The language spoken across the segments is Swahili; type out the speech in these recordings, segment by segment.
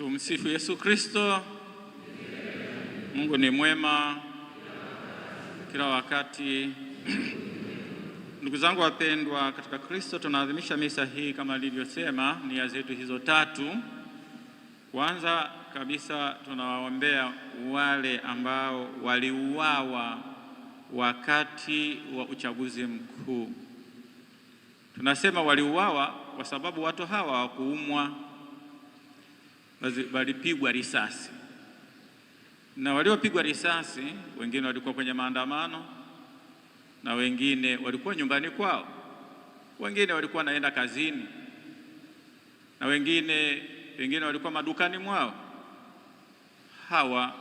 Tumsifu Yesu Kristo. Mungu ni mwema kila wakati. Ndugu zangu wapendwa katika Kristo, tunaadhimisha misa hii kama alivyosema nia zetu hizo tatu. Kwanza kabisa tunawaombea wale ambao waliuawa wakati wa uchaguzi mkuu. Tunasema waliuawa kwa sababu watu hawa hawakuumwa walipigwa risasi, na waliopigwa risasi wengine walikuwa kwenye maandamano na wengine walikuwa nyumbani kwao, wengine walikuwa wanaenda kazini na wengine wengine walikuwa madukani mwao. Hawa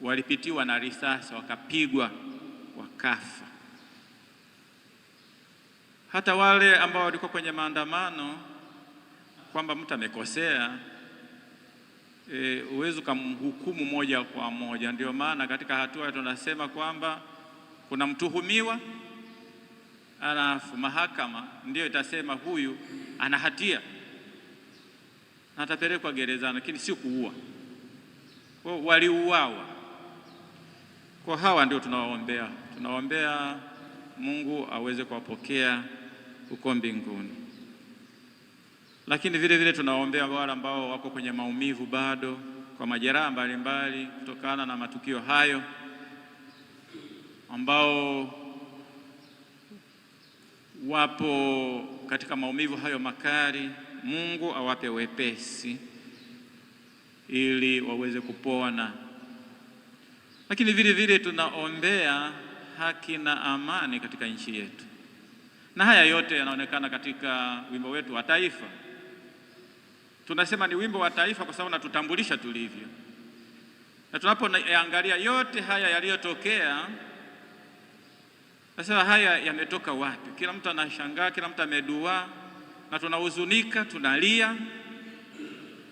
walipitiwa na risasi, wakapigwa, wakafa. Hata wale ambao walikuwa kwenye maandamano kwamba mtu amekosea e, uwezi ukamhukumu moja kwa moja. Ndio maana katika hatua tunasema kwamba kuna mtuhumiwa alafu mahakama ndio itasema huyu ana hatia na atapelekwa gerezani, lakini si kuua. Kwa waliuawa, kwa hawa ndio tunawaombea, tunawaombea Mungu aweze kuwapokea huko mbinguni lakini vile vile tunawaombea wale ambao wako kwenye maumivu bado kwa majeraha mbalimbali kutokana na matukio hayo, ambao wapo katika maumivu hayo makali. Mungu awape wepesi ili waweze kupona, lakini vile vile tunaombea haki na amani katika nchi yetu, na haya yote yanaonekana katika wimbo wetu wa taifa tunasema ni wimbo wa taifa kwa sababu natutambulisha tulivyo, na tunapoangalia yote haya yaliyotokea, nasema haya yametoka wapi? Kila mtu anashangaa, kila mtu ameduaa, na tunahuzunika, tunalia,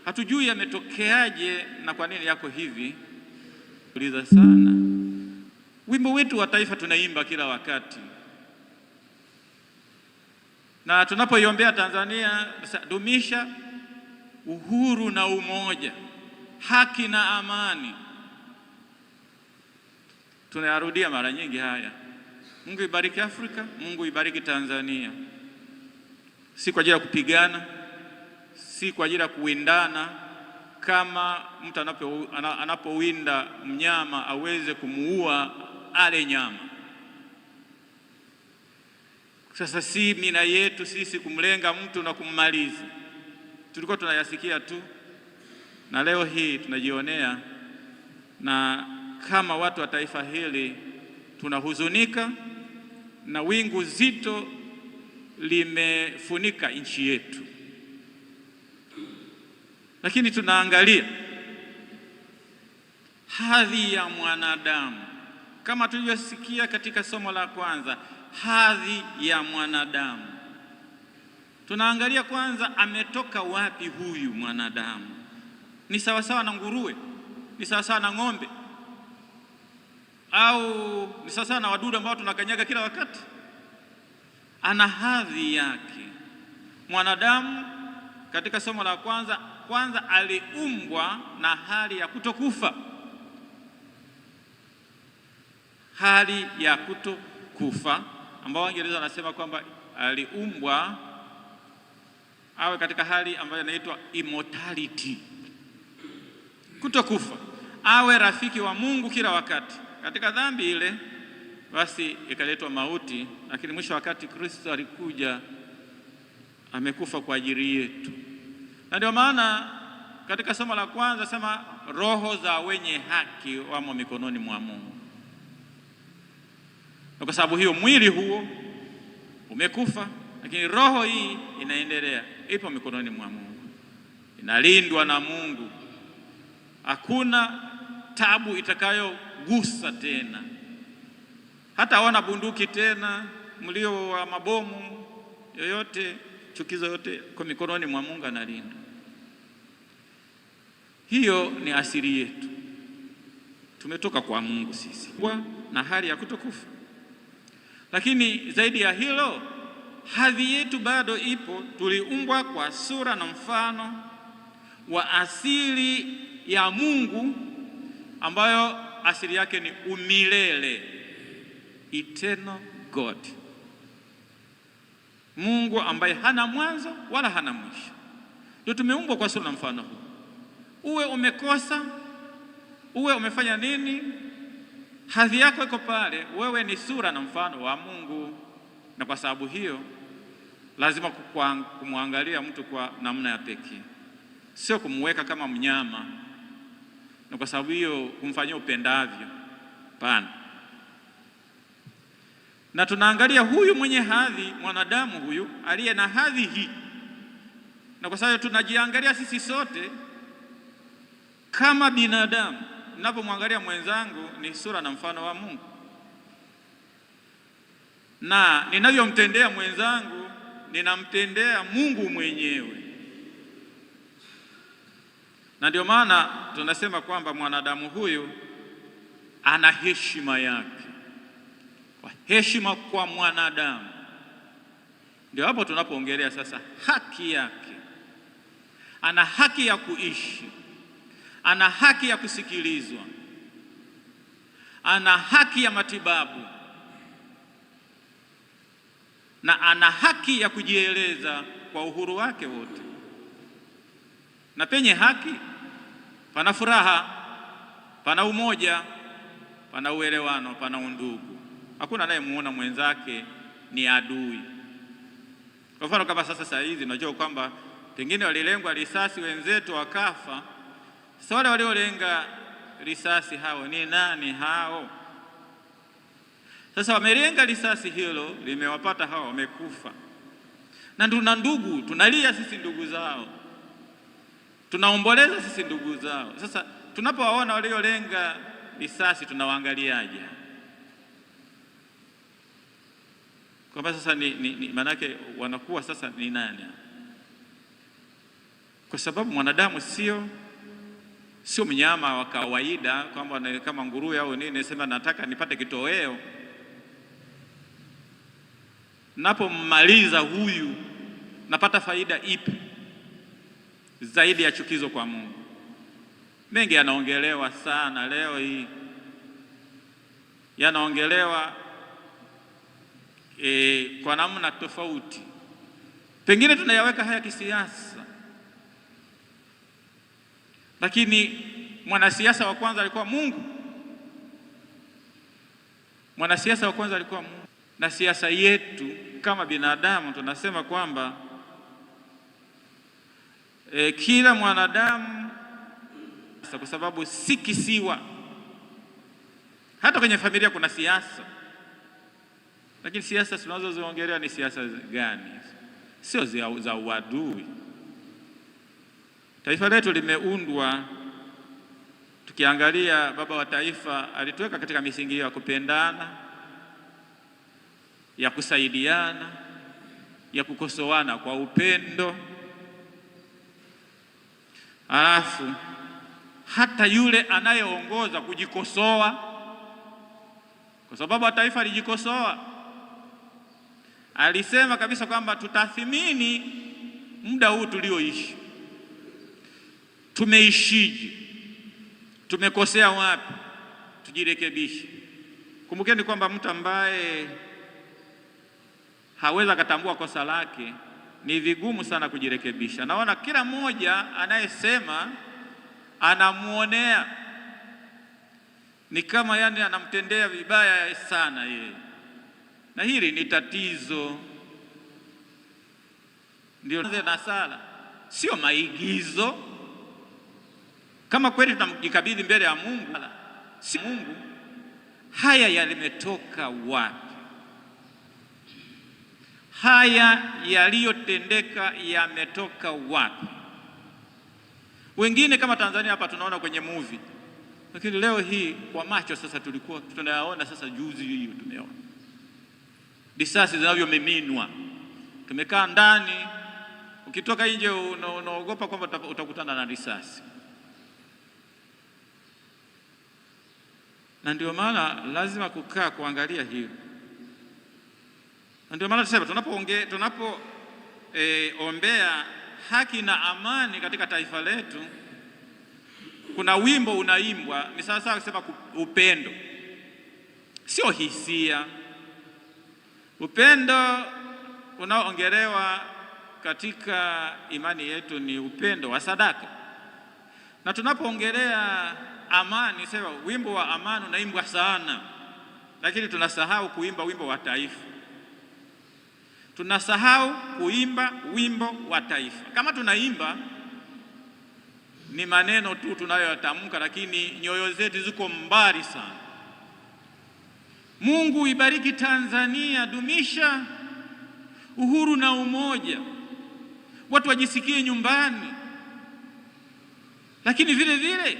hatujui yametokeaje na kwa nini yako hivi. Uliza sana, wimbo wetu wa taifa tunaimba kila wakati na tunapoiombea Tanzania, dumisha uhuru na umoja, haki na amani. Tunayarudia mara nyingi haya. Mungu ibariki Afrika, Mungu ibariki Tanzania. Si kwa ajili ya kupigana, si kwa ajili ya kuwindana. Kama mtu anapowinda mnyama aweze kumuua ale nyama. Sasa si mina yetu sisi kumlenga mtu na kummaliza tulikuwa tunayasikia tu, na leo hii tunajionea, na kama watu wa taifa hili tunahuzunika, na wingu zito limefunika nchi yetu, lakini tunaangalia hadhi ya mwanadamu kama tulivyosikia katika somo la kwanza, hadhi ya mwanadamu Tunaangalia kwanza ametoka wapi huyu mwanadamu. Ni sawasawa na nguruwe? Ni sawasawa na ng'ombe? Au ni sawasawa na wadudu ambao tunakanyaga kila wakati? Ana hadhi yake. Mwanadamu katika somo la kwanza kwanza aliumbwa na hali ya kutokufa, hali ya kutokufa ambao Waingereza wanasema kwamba aliumbwa awe katika hali ambayo inaitwa immortality, kutokufa, awe rafiki wa Mungu kila wakati. Katika dhambi ile basi ikaletwa mauti, lakini mwisho wakati Kristo alikuja amekufa kwa ajili yetu, na ndio maana katika somo la kwanza sema roho za wenye haki wamo mikononi mwa Mungu, na kwa sababu hiyo mwili huo umekufa, lakini roho hii inaendelea ipo mikononi mwa Mungu, inalindwa na Mungu. Hakuna tabu itakayogusa tena, hata wana bunduki tena, mlio wa mabomu yoyote, chukizo yote kwa mikononi mwa Mungu, analinda. Hiyo ni asili yetu, tumetoka kwa Mungu sisi, na hali ya kutokufa. Lakini zaidi ya hilo hadhi yetu bado ipo, tuliumbwa kwa sura na mfano wa asili ya Mungu ambayo asili yake ni umilele, eternal God, Mungu ambaye hana mwanzo wala hana mwisho. Ndio tumeumbwa kwa sura na mfano huu. Uwe umekosa, uwe umefanya nini, hadhi yako iko pale. Wewe ni sura na mfano wa Mungu, na kwa sababu hiyo lazima kumwangalia mtu kwa namna ya pekee, sio kumweka kama mnyama, na kwa sababu hiyo kumfanyia upendavyo. pana Na tunaangalia huyu mwenye hadhi, mwanadamu huyu aliye na hadhi hii, na kwa sababu tunajiangalia sisi sote kama binadamu. Ninapomwangalia mwenzangu ni sura na mfano wa Mungu, na ninavyomtendea mwenzangu ninamtendea Mungu mwenyewe. Na ndio maana tunasema kwamba mwanadamu huyu ana heshima yake, kwa heshima kwa mwanadamu. Ndio hapo tunapoongelea sasa haki yake. Ana haki ya kuishi, ana haki ya kusikilizwa, ana haki ya matibabu na ana haki ya kujieleza kwa uhuru wake wote, na penye haki pana furaha, pana umoja, pana uelewano, pana undugu. Hakuna anayemuona mwenzake ni adui. Kwa mfano kama sasa saa hizi unajua kwamba pengine walilengwa risasi wenzetu wakafa. Sasa wale waliolenga risasi hao ni nani hao? Sasa wamelenga risasi, hilo limewapata hawa, wamekufa na tuna ndugu, tunalia sisi ndugu zao, tunaomboleza sisi ndugu zao. Sasa tunapowaona waliolenga risasi tunawaangaliaje? Kwamba sasa ni, ni, ni maanake wanakuwa sasa ni nani? Kwa sababu mwanadamu sio sio mnyama wa kawaida kwamba kama nguruwe au nini, nasema nataka nipate kitoweo napommaliza huyu napata faida ipi zaidi ya chukizo kwa Mungu? Mengi yanaongelewa sana leo hii, yanaongelewa e, kwa namna tofauti, pengine tunayaweka haya kisiasa, lakini mwanasiasa wa kwanza alikuwa Mungu. Mwanasiasa wa kwanza alikuwa Mungu na siasa yetu kama binadamu tunasema kwamba e, kila mwanadamu kwa sababu si kisiwa. Hata kwenye familia kuna siasa, lakini siasa tunazoziongelea ni siasa gani? Sio za uadui. Taifa letu limeundwa, tukiangalia baba wa taifa alituweka katika misingi ya kupendana ya kusaidiana, ya kukosoana kwa upendo. Halafu hata yule anayeongoza kujikosoa, kwa sababu taifa lijikosoa, alisema kabisa kwamba tutathimini muda huu tulioishi, tumeishije, tumekosea wapi, tujirekebishe. Kumbukeni kwamba mtu ambaye hawezi akatambua kosa lake, ni vigumu sana kujirekebisha. Naona kila mmoja anayesema anamwonea ni kama yani anamtendea vibaya sana yeye, na hili ni tatizo. Ndio na sala sio maigizo. Kama kweli tunamjikabidhi mbele ya Mungu, si Mungu, haya yalimetoka wapi? haya yaliyotendeka yametoka wapi? Wengine kama Tanzania hapa tunaona kwenye movie, lakini leo hii kwa macho sasa tulikuwa tunayaona, sasa juzi hiyo tumeona risasi zinavyomiminwa. Tumekaa ndani, ukitoka nje unaogopa kwamba utakutana na risasi, na ndio maana lazima kukaa kuangalia hili ndio maana tunasema tunapoongea tunapo, e, ombea haki na amani katika taifa letu, kuna wimbo unaimbwa, ni sawa sawa kusema upendo, sio hisia. Upendo unaoongelewa katika imani yetu ni upendo wa sadaka, na tunapoongelea amani, sema wimbo wa amani unaimbwa sana, lakini tunasahau kuimba wimbo wa taifa tunasahau kuimba wimbo wa taifa. Kama tunaimba ni maneno tu tunayoyatamka, lakini nyoyo zetu ziko mbali sana. Mungu ibariki Tanzania, dumisha uhuru na umoja, watu wajisikie nyumbani, lakini vile vile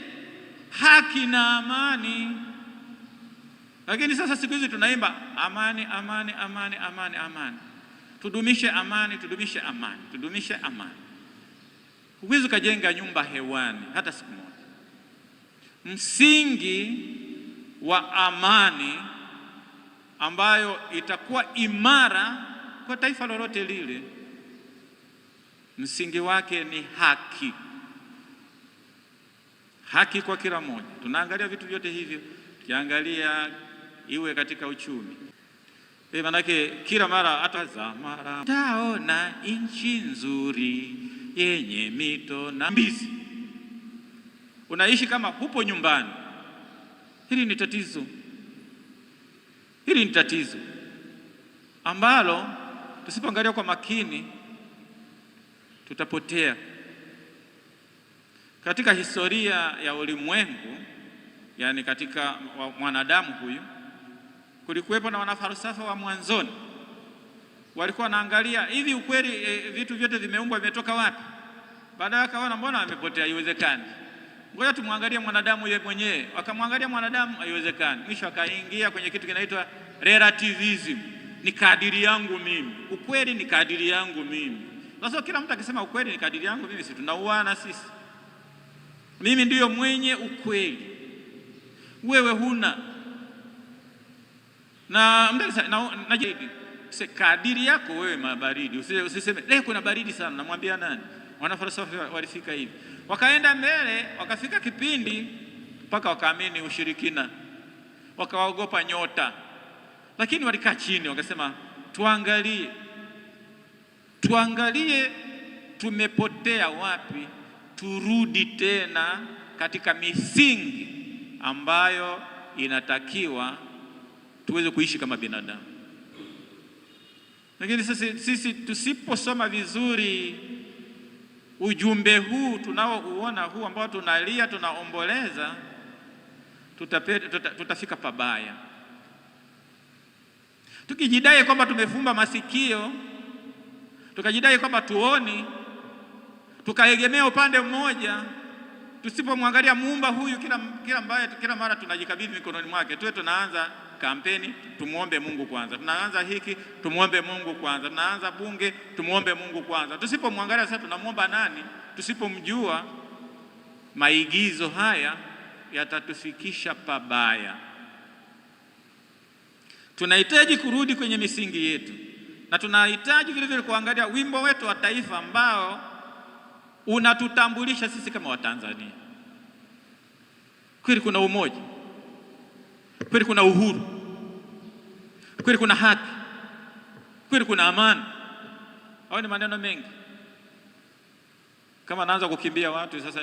haki na amani. Lakini sasa siku hizi tunaimba amani, amani, amani, amani, amani Tudumishe amani, tudumishe amani, tudumishe amani. Huwezi ukajenga nyumba hewani hata siku moja. Msingi wa amani ambayo itakuwa imara kwa taifa lolote lile, msingi wake ni haki, haki kwa kila mmoja. Tunaangalia vitu vyote hivyo, tukiangalia iwe katika uchumi E, manake kila mara hata za mara taona nchi nzuri yenye mito na mbizi, unaishi kama hupo nyumbani. Hili ni tatizo, hili ni tatizo ambalo tusipoangalia kwa makini tutapotea. Katika historia ya ulimwengu, yani katika mwanadamu huyu kulikuwepo na wanafalsafa wa mwanzoni walikuwa wanaangalia hivi ukweli e, vitu vyote vimeumbwa vimetoka wapi? Baadaye akaona mbona wamepotea, haiwezekani, ngoja tumwangalie mwanadamu yeye mwenyewe. Wakamwangalia mwanadamu, haiwezekani. Mwisho akaingia kwenye kitu kinaitwa relativism, ni kadiri yangu mimi, ukweli ni kadiri yangu mimi. Sasa kila mtu akisema ukweli ni kadiri yangu mimi, si tunauana sisi? Mimi ndiyo mwenye ukweli, wewe huna na najidi kadiri yako wewe mabaridi, usiseme leo eh, kuna baridi sana. Namwambia nani? Wanafalsafa walifika hivi, wakaenda mbele, wakafika kipindi mpaka wakaamini ushirikina, wakawaogopa nyota, lakini walikaa chini wakasema, tuangalie tuangalie, tumepotea wapi, turudi tena katika misingi ambayo inatakiwa tuweze kuishi kama binadamu. Lakini sisi, sisi tusiposoma vizuri ujumbe huu tunaouona huu ambao tunalia tunaomboleza, tutapet, tuta, tutafika pabaya tukijidai kwamba tumefumba masikio tukajidai kwamba tuoni, tukaegemea upande mmoja. Tusipomwangalia muumba huyu kila, kila, mbaya, kila mara tunajikabidhi mikononi mwake, tuwe tunaanza kampeni, tumwombe Mungu kwanza. Tunaanza hiki, tumwombe Mungu kwanza. Tunaanza bunge, tumwombe Mungu kwanza. Tusipomwangalia sasa, tunamwomba nani? Tusipomjua, maigizo haya yatatufikisha pabaya. Tunahitaji kurudi kwenye misingi yetu, na tunahitaji vile vile kuangalia wimbo wetu wa taifa ambao unatutambulisha sisi kama Watanzania. Kweli kuna umoja kweli kuna uhuru, kweli kuna haki, kweli kuna amani, au ni maneno mengi? Kama naanza kukimbia watu sasa,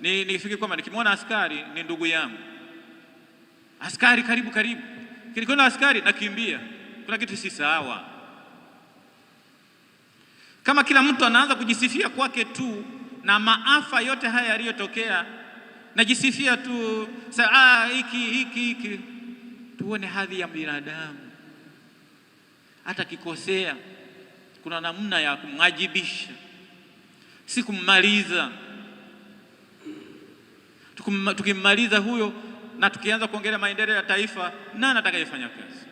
nifikiri ni kwamba nikimwona askari ni ndugu yangu, askari karibu karibu, kilikona askari nakimbia, kuna kitu si sawa. Kama kila mtu anaanza kujisifia kwake tu na maafa yote haya yaliyotokea najisifia tu ah, hiki hiki hiki tuone hadhi ya binadamu, hata kikosea kuna namna ya kumwajibisha, si kummaliza. Tukimmaliza huyo na tukianza kuongelea maendeleo ya taifa, nani atakayefanya kazi?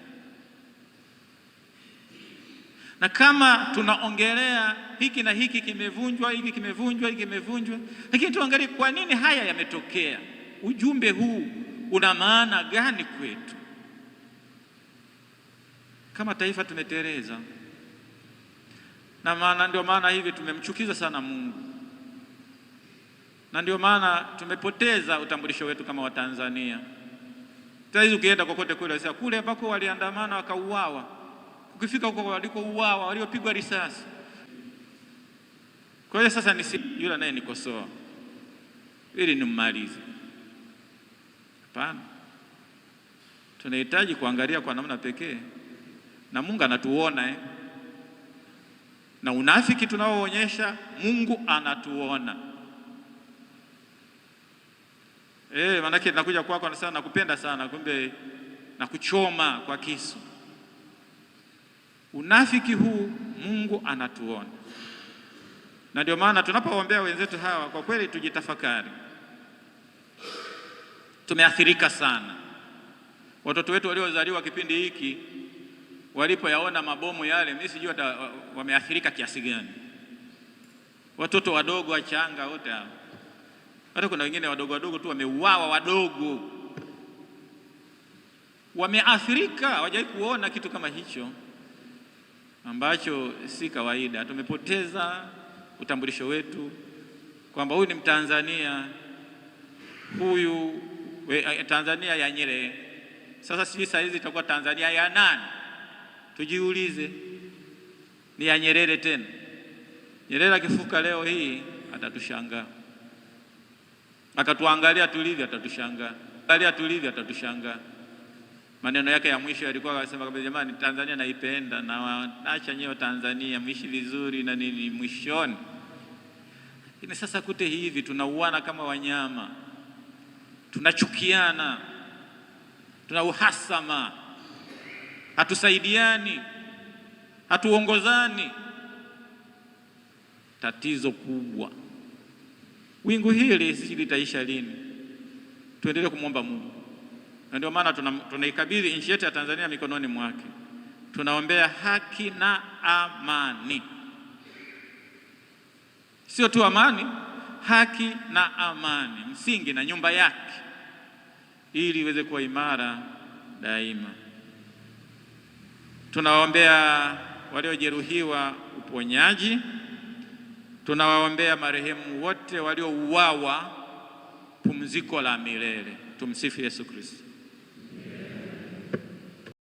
Na kama tunaongelea hiki na hiki kimevunjwa, hiki kimevunjwa, hiki kimevunjwa, lakini tuangalie kwa nini haya yametokea. Ujumbe huu una maana gani kwetu? Kama taifa tumetereza na maana ndio maana hivi tumemchukiza sana Mungu, na ndio maana tumepoteza utambulisho wetu kama Watanzania. Sasa ukienda kokote kule, sasa kule ambako waliandamana wakauawa, ukifika huko walikouawa, waliopigwa risasi. Kwa hiyo sasa nisi yule naye nikosoa ili nimmalize? Hapana, tunahitaji kuangalia kwa namna pekee na Mungu anatuona eh. Na unafiki tunaoonyesha Mungu anatuona eh, maanake nakuja kwako anasema nakupenda sana, kumbe nakuchoma kwa kisu. Unafiki huu Mungu anatuona, na ndio maana tunapoombea wenzetu hawa, kwa kweli tujitafakari. Tumeathirika sana, watoto wetu waliozaliwa kipindi hiki walipoyaona mabomu yale, mimi sijui hata wameathirika kiasi gani, watoto wadogo wachanga wote hao. Hata kuna wengine wadogo wadogo tu wameuawa, wadogo wameathirika, hawajawahi kuona kitu kama hicho ambacho si kawaida. Tumepoteza utambulisho wetu kwamba huyu ni Mtanzania, huyu we, eh, Tanzania ya Nyerere. Sasa sijui saa hizi itakuwa Tanzania ya nani? Tujiulize, ni ya Nyerere tena? Nyerere akifuka leo hii atatushangaa, akatuangalia tulivyo, atatushangaa, angalia tulivyo, atatushangaa. Maneno yake ya mwisho yalikuwa akasema kabisa, jamani, Tanzania naipenda na acha nyewe Tanzania mwishi vizuri na nini mwishoni. Lakini sasa kute hivi tunauana kama wanyama, tunachukiana, tuna uhasama hatusaidiani, hatuongozani. Tatizo kubwa. Wingu hili sisi litaisha lini? Tuendelee kumwomba Mungu, na ndio maana tunaikabidhi tuna nchi yetu ya Tanzania mikononi mwake, tunaombea haki na amani, sio tu amani, haki na amani, msingi na nyumba yake, ili iweze kuwa imara daima. Tunawaombea waliojeruhiwa uponyaji. Tunawaombea marehemu wote waliouawa pumziko la milele. Tumsifu Yesu Kristo.